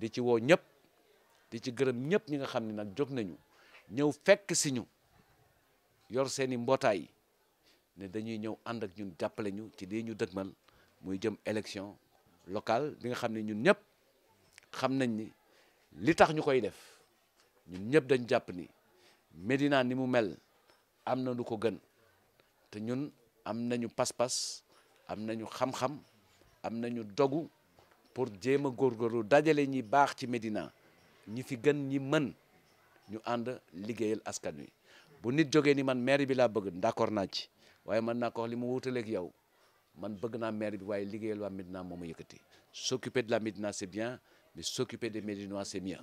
di ci woo ñëpp di ci gërëm ñëpp ñi nga xam ni nag jóg nañu ñëw fekk si ñu yor seeni mbootaay ne dañuy ñëw ànd ak ñun jàppale ñu ci lii ñu dëgmal muy jëm élection locale bi nga xam ne ñun ñëpp xam nañ ni li tax ñu koy def ñun ñëpp dañ jàpp ni Médina ni mu mel am na lu ko gën te ñun am nañu pas-pas am nañu xam-xam am ñu dogu pour jéem a góorgóorlu dajale ñi baax ci Médina ñi fi gën ñi mën ñu ànd liggéeyal askan wi bu nit jógee ni man maire bi laa bëgg d'accord naa ci waaye mën naa ko wax li mu wutaleeg yow man bëgg naa maire bi waaye liggéeyal waa Médina moo ma yëkkati s'occuper de la Médina c'est bien mais s'occuper des Médinois c'est mieux